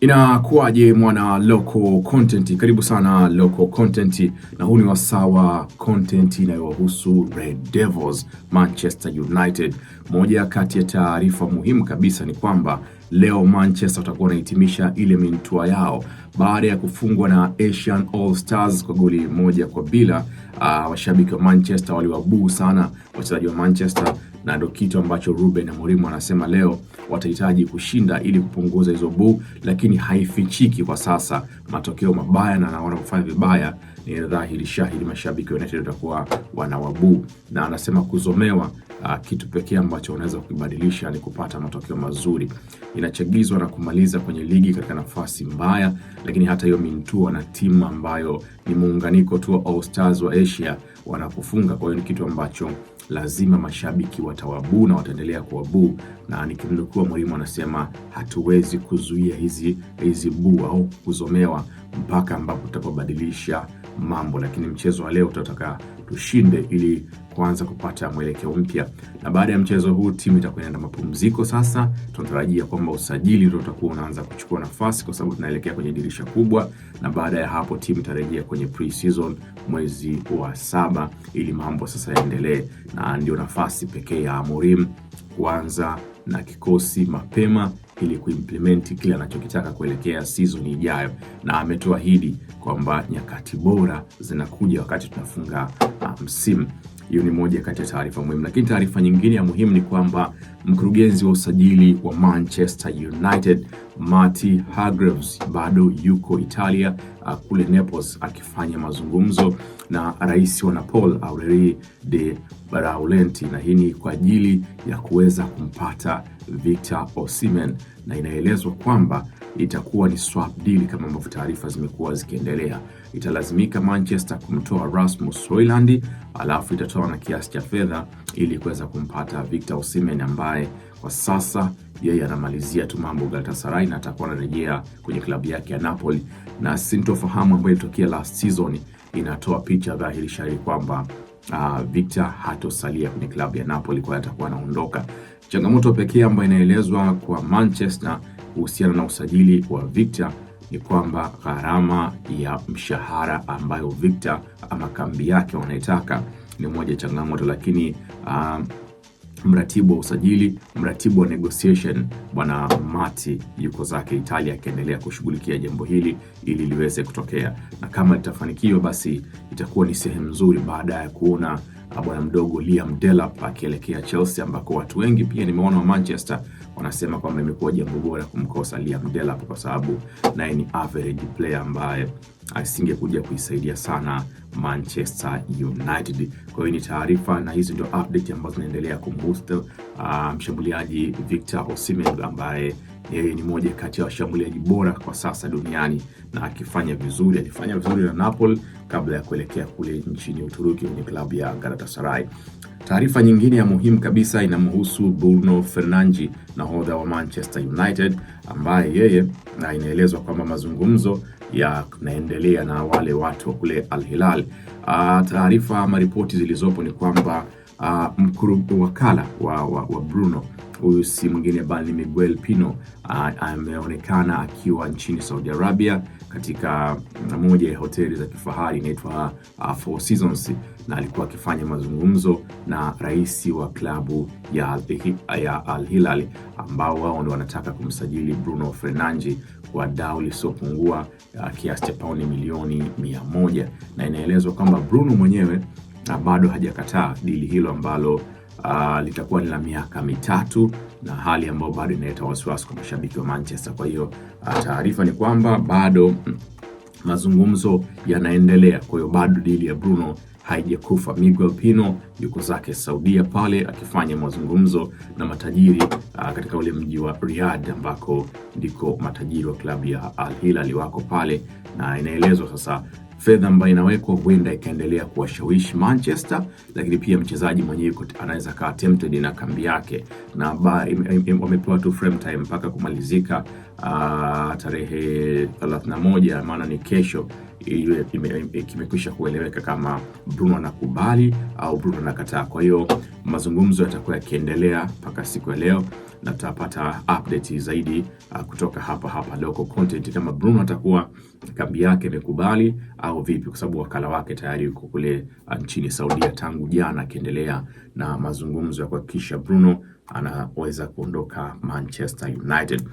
Inakuwaje mwana local content? Karibu sana local content, na huu ni wasaa wa content inayowahusu Red Devils Manchester United. Moja kati ya taarifa muhimu kabisa ni kwamba leo Manchester watakuwa wanahitimisha ile mintua yao baada ya kufungwa na Asian All Stars kwa goli moja kwa bila. Uh, washabiki wa Manchester waliwabuu sana wachezaji wa Manchester na ndio kitu ambacho Ruben Amorim anasema leo watahitaji kushinda ili kupunguza hizo bu lakini haifichiki kwa sasa matokeo mabaya na wanapofanya vibaya ni dhahiri shahidi mashabiki wa United watakuwa wanawabuu, na anasema kuzomewa Uh, kitu pekee ambacho unaweza kukibadilisha ni kupata matokeo mazuri. Inachagizwa na kumaliza kwenye ligi katika nafasi mbaya, lakini hata hiyo mintua na timu ambayo ni muunganiko tu wa All Stars wa Asia wanapofunga, kwa hiyo ni kitu ambacho lazima mashabiki watawabuu na wataendelea kuwabuu, na nikidukuwa mwalimu anasema hatuwezi kuzuia hizi, hizi buu au kuzomewa mpaka ambapo tutapobadilisha mambo, lakini mchezo wa leo tutataka tushinde ili kuanza kupata mwelekeo mpya. Na baada ya mchezo huu timu itakwenda na mapumziko. Sasa tunatarajia kwamba usajili ndio utakuwa unaanza kuchukua nafasi, kwa sababu tunaelekea kwenye dirisha kubwa, na baada ya hapo timu itarejea kwenye pre-season mwezi wa saba, ili mambo sasa yaendelee, na ndio nafasi pekee ya Amorim kuanza na kikosi mapema ili kuimplement kile anachokitaka kuelekea season ijayo, na ametuahidi kwamba nyakati bora zinakuja wakati tunafunga ah, msimu. Um, hiyo ni moja kati ya taarifa muhimu, lakini taarifa nyingine ya muhimu ni kwamba mkurugenzi wa usajili wa Manchester United Marty Hargreaves bado yuko Italia uh, kule Naples akifanya mazungumzo na rais wa Napoli Aurelio De Laurentiis, na hii ni kwa ajili ya kuweza kumpata Victor Osimhen na inaelezwa kwamba itakuwa ni swap deal kama ambavyo taarifa zimekuwa zikiendelea. Italazimika Manchester kumtoa Rasmus Hojlund, alafu itatoa na kiasi cha fedha ili kuweza kumpata Victor Osimhen ambaye kwa sasa yeye anamalizia tu mambo Galatasaray na atakuwa anarejea kwenye klabu yake ya Napoli, na sintofahamu ambayo ilitokea last season inatoa picha dhahiri shahiri kwamba uh, Victor hatosalia kwenye klabu ya Napoli kwa atakuwa anaondoka. Changamoto pekee ambayo inaelezwa kwa Manchester kuhusiana na usajili wa Victor ni kwamba gharama ya mshahara ambayo Victor ama kambi yake wanaitaka ni moja changamoto, lakini uh, mratibu wa usajili, mratibu wa negotiation bwana Mati yuko zake Italia akiendelea kushughulikia jambo hili ili liweze kutokea, na kama litafanikiwa, basi itakuwa ni sehemu nzuri baada ya kuona bwana mdogo Liam Delap akielekea Chelsea, ambako watu wengi pia nimeona wa Manchester wanasema kwamba imekuwa jambo bora kumkosa Liam Delap kwa sababu naye ni average player ambaye asingekuja kuisaidia sana Manchester United. Kwa hiyo ni taarifa na hizi ndio update ambazo zinaendelea kumhusu ah, mshambuliaji Victor Osimhen ambaye yeye ni moja kati ya washambuliaji bora kwa sasa duniani na akifanya vizuri, alifanya vizuri na Napoli kabla ya kuelekea kule nchini Uturuki kwenye klabu ya Galatasaray. Taarifa nyingine ya muhimu kabisa inamhusu Bruno Fernandes, nahodha wa Manchester United, ambaye yeye ah, inaelezwa kwamba mazungumzo yanaendelea na wale watu wa kule Al Hilal. Ah, taarifa ama ripoti zilizopo ni kwamba ah, mkurugenzi wakala wa, wa, wa Bruno Huyu si mwingine bali Miguel Pino ameonekana akiwa nchini Saudi Arabia katika mm, moja ya hoteli za kifahari inaitwa Four Seasons, na alikuwa akifanya mazungumzo na rais wa klabu ya, ya Al Hilal ambao wao ndio wanataka kumsajili Bruno Fernandes kwa dau lisiopungua kiasi cha pauni milioni mia moja na inaelezwa kwamba Bruno mwenyewe bado hajakataa dili hilo ambalo uh, litakuwa ni la miaka mitatu na hali ambayo bado inaleta wasiwasi kwa mashabiki wa Manchester. Kwa hiyo uh, taarifa ni kwamba bado mm, mazungumzo yanaendelea, kwa hiyo bado dili ya Bruno haijakufa. Miguel Pino yuko zake Saudia pale akifanya mazungumzo na matajiri uh, katika ule mji wa Riyadh ambako ndiko matajiri wa klabu ya Al Hilal wako pale, na inaelezwa sasa fedha ambayo inawekwa huenda ikaendelea kuwashawishi Manchester, lakini pia mchezaji mwenyewe anaweza kaa tempted na kambi yake, na wamepewa tu frame time mpaka kumalizika uh, tarehe 31 maana ni kesho iwe kimekwisha kueleweka kama Bruno anakubali au Bruno anakataa. Kwa hiyo mazungumzo yatakuwa yakiendelea mpaka siku ya leo na tutapata update zaidi uh, kutoka hapa hapa local content, kama Bruno atakuwa kambi yake imekubali au vipi, kwa sababu wakala wake tayari yuko kule ah, nchini Saudia tangu jana akiendelea na mazungumzo ya kuhakikisha Bruno anaweza kuondoka Manchester United.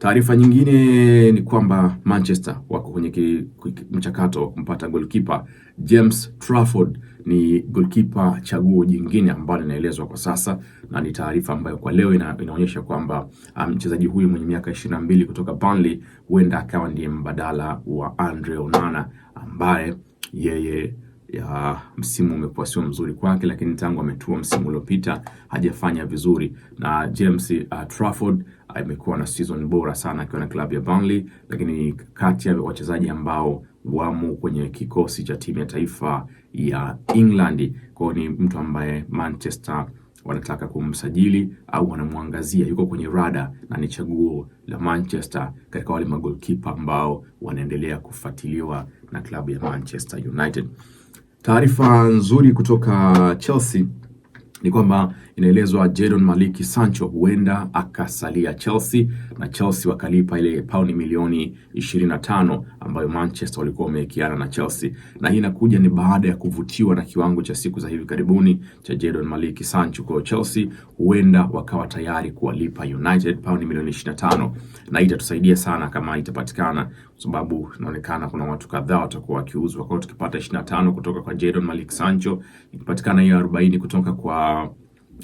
Taarifa nyingine ni kwamba Manchester wako kwenye mchakato wa kumpata golkipa. James Trafford ni golkipa chaguo jingine ambalo linaelezwa kwa sasa, na ni taarifa ambayo kwa leo ina, inaonyesha kwamba um, mchezaji um, huyu mwenye miaka ishirina mbili kutoka Burnley huenda akawa ndiye mbadala wa Andre Onana ambaye yeye ya msimu umekuwa sio mzuri kwake, lakini tangu ametua msimu uliopita hajafanya vizuri na James uh, Trafford amekuwa na season bora sana akiwa na klabu ya Burnley, lakini kati ya wachezaji ambao wamo kwenye kikosi cha timu ya taifa ya England. Kwao ni mtu ambaye Manchester wanataka kumsajili au wanamwangazia, yuko kwenye rada na ni chaguo la Manchester katika wale magolkipa ambao wanaendelea kufuatiliwa na klabu ya Manchester United. Taarifa nzuri kutoka Chelsea ni kwamba inaelezwa Jadon Maliki Sancho huenda akasalia Chelsea na Chelsea wakalipa ile pauni milioni 25 ambayo Manchester walikuwa wamewekeana na Chelsea, na hii inakuja ni baada ya kuvutiwa na kiwango cha siku za hivi karibuni cha Jadon Maliki Sancho. Kwa Chelsea huenda wakawa tayari kuwalipa United pauni milioni 25, na hii itatusaidia sana kama itapatikana, kwa sababu inaonekana kuna watu kadhaa watakuwa wakiuzwa. Kwa hiyo tukipata 25 kutoka kwa Jadon Maliki Sancho, ikipatikana hiyo 40 kutoka kwa Uh,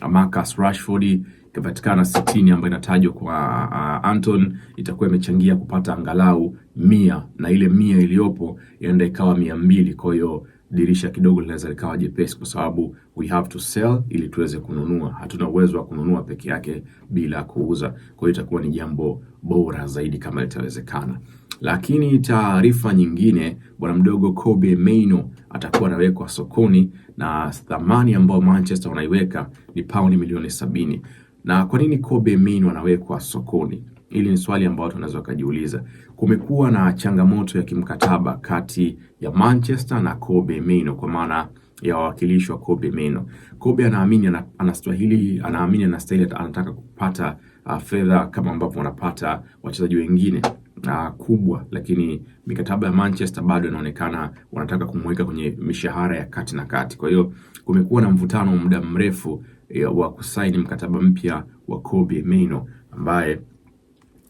Marcus Rashford ikapatikana sitini ambayo inatajwa kwa uh, uh, Anton itakuwa imechangia kupata angalau mia na ile mia iliyopo inaenda ikawa mia mbili kwa hiyo dirisha kidogo linaweza likawa jepesi kwa sababu we have to sell ili tuweze kununua. Hatuna uwezo wa kununua peke yake bila kuuza, kwa hiyo itakuwa ni jambo bora zaidi kama litawezekana. Lakini taarifa nyingine, bwana mdogo Kobe Maino atakuwa anawekwa sokoni na thamani ambayo Manchester wanaiweka ni paundi milioni sabini. Na kwa nini Kobe Min anawekwa sokoni? Hili ni swali ambalo tunaweza kujiuliza. Kumekuwa na changamoto ya kimkataba kati ya Manchester na Kobe Mainoo kwa maana ya wawakilishi wa Kobe Mainoo. Kobe anaamini anastahili, anaamini anastahili, anataka kupata uh, fedha kama ambavyo wanapata wachezaji wengine uh, kubwa, lakini mikataba ya Manchester bado inaonekana wanataka kumweka kwenye mishahara ya kati na kati. Kwa hiyo kumekuwa na mvutano wa muda mrefu e, wa kusaini mkataba mpya wa Kobbie Mainoo ambaye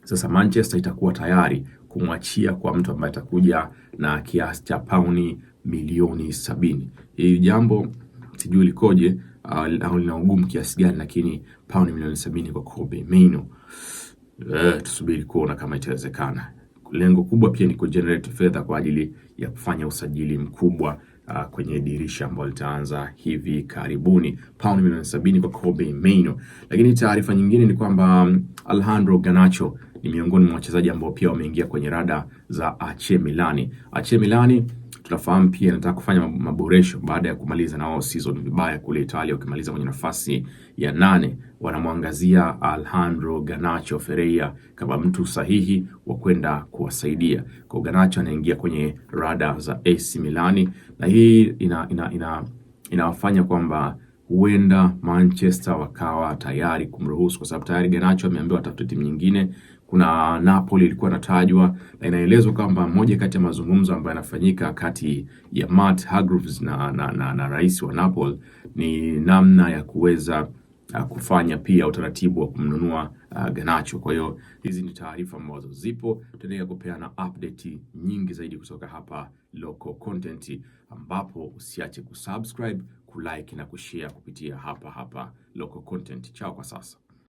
sasa Manchester itakuwa tayari kumwachia kwa mtu ambaye atakuja na kiasi cha pauni milioni sabini. Hili jambo sijui likoje au uh, lina ugumu kiasi gani, lakini pauni milioni sabini kwa Kobbie Mainoo eh, tusubiri kuona kama itawezekana. Lengo kubwa pia ni kugenerate fedha kwa ajili ya kufanya usajili mkubwa uh, kwenye dirisha ambalo litaanza hivi karibuni, pauni milioni sabini kwa Kobe Mainoo. Lakini taarifa nyingine ni kwamba um, Alejandro Garnacho ni miongoni mwa wachezaji ambao pia wameingia kwenye rada za AC Milani. AC Milani tunafahamu pia nataka kufanya maboresho baada ya kumaliza na wao season vibaya kule Italia, wakimaliza kwenye nafasi ya nane. Wanamwangazia Alejandro Garnacho Ferreira kama mtu sahihi wa kwenda kuwasaidia kwa. Garnacho anaingia kwenye rada za AC Milani, na hii ina, ina, ina, inawafanya kwamba huenda Manchester wakawa tayari kumruhusu kwa sababu tayari Garnacho ameambiwa atafute timu nyingine kuna Napoli ilikuwa inatajwa na inaelezwa kwamba moja kati ya mazungumzo ambayo yanafanyika kati ya Matt Hargreaves na, na, na, na rais wa Napoli ni namna ya kuweza uh, kufanya pia utaratibu wa kumnunua uh, Garnacho. Kwa hiyo hizi ni taarifa ambazo zipo, tutaendelea kupeana update nyingi zaidi kutoka hapa Local Content, ambapo usiache kusubscribe, kulike na kushare kupitia hapa hapa Local Content. Chao kwa sasa.